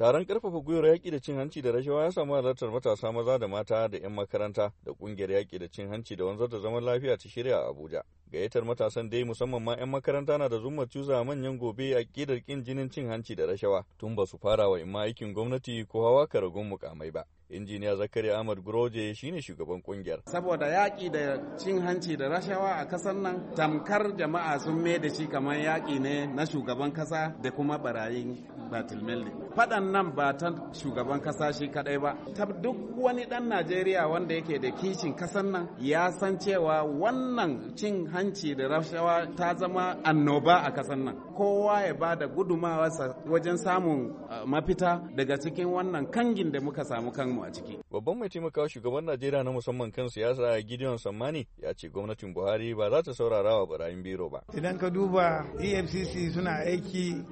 Taron karfafa gwiwar yaƙi da cin hanci da rashawa ya samu halartar matasa maza da mata da 'yan makaranta da ƙungiyar yaƙi da cin hanci da wanzar da zaman lafiya ta shirya a Abuja. gayyatar matasan dai musamman ma 'yan makaranta na da zumar cuza manyan gobe a ƙidar ƙin jinin cin hanci da rashawa tun ba su fara wa imma aikin gwamnati ko hawa karagun mukamai ba. injiniya zakari ahmad guroje shine shugaban kungiyar saboda yaƙi da cin hanci da rashawa a kasar nan tamkar jama'a sun mai da shi kamar yaƙi ne na shugaban kasa da kuma barayin batilmeli faɗan nan ba ta shugaban kasa shi kaɗai ba ta duk wani dan najeriya wanda yake da kishin kasar nan ya san cewa wannan cin hanci hanci da rashawa ta zama annoba a kasan nan kowa ya ba da gudumawarsa wajen samun eh, mafita daga cikin wannan kangin da muka samu kanmu a ciki babban mai taimakawa shugaban najeriya na musamman kan siyasa gideon sammani ya ce gwamnatin buhari ba za ta saurara wa barayin biro ba idan ka duba efcc suna aiki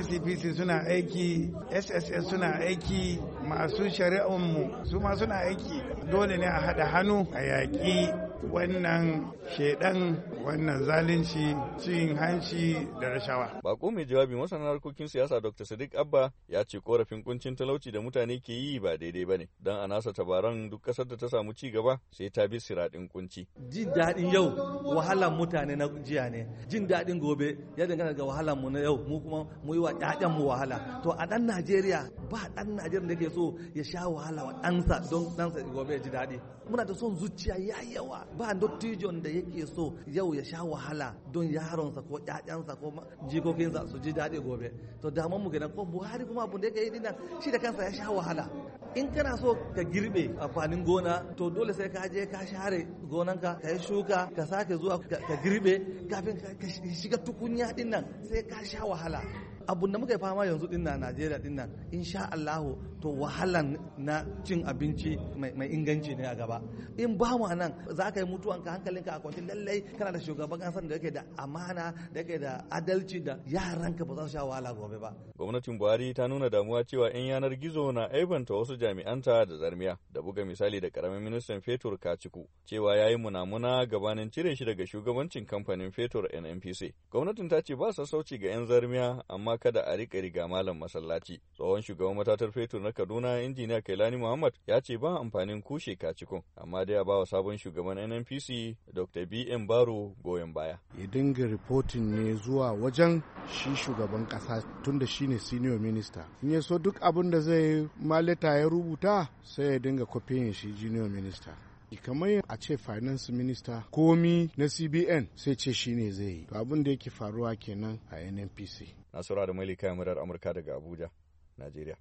icpc suna aiki sss suna aiki masu shari'unmu su ma suna aiki dole ne a haɗa hannu a yaƙi wannan shedan wannan zalunci cin hanci da rashawa. Bako mai jawabi masana harkokin siyasa Dr. Sadiq Abba ya ce korafin kuncin talauci da mutane ke yi ba daidai ba ne don a nasa tabaran duk kasar da ta samu ci gaba sai ta bi siraɗin kunci. Jin daɗin yau wahalar mutane na jiya ne jin daɗin gobe ya dangana ga wahalar mu na yau mu kuma mu yi wa ƴaƴan mu wahala to a ɗan Najeriya ba ɗan Najeriya da ke so ya sha wahala wa ɗansa don ɗansa gobe ya ji daɗi muna da son zuciya ya yawa ba dottijon da yake so yau ya sha wahala don yaronsa ko ƴaƴansa ko jikokinsa su ji daɗi gobe to daman mu gina ko buhari kuma abun da yake yi dinnan shi da kansa ya sha wahala in kana so ka girbe amfanin gona to dole sai ka je ka share gonanka ka yi shuka ka sake zuwa ka girbe kafin ka shiga tukunya dinnan sai ka sha wahala abun da muka yi fama yanzu din Najeriya din nan sha Allahu to wahalan na cin abinci mai inganci ne a gaba in ba mu nan za ka yi mutuwan ka hankalin ka a kwanci lallai kana da shugaban kasar da yake da amana da yake da adalci da yaranka ba za su sha wahala gobe ba gwamnatin Buhari ta nuna damuwa cewa yan yanar gizo na aibanta wasu jami'anta da zarmiya da buga misali da karamin ministan fetur Kaciku cewa ya yi munamuna gabanin cire shi daga shugabancin kamfanin fetur NNPC gwamnatin ta ce ba sassauci ga yan zarmiya amma kada a riƙa riga malam masallaci. Tsohon shugaban matatar fetur na Kaduna injiniya Kailani Muhammad ya ce ba amfanin kushe kacikon amma dai a ba wa sabon shugaban NNPC Dr. BM Baro goyon baya. Ya dinga ripotin ne zuwa wajen shi shugaban ƙasa tunda shine senior minister. In ya so duk abin da zai maleta ya rubuta sai ya dinga kwafiyin shi junior minister. kamar a ce finance minister komi na cbn sai ce shine zai yi abin da yake faruwa kenan a nnpc nasura da mai kayan murar amurka daga abuja najeriya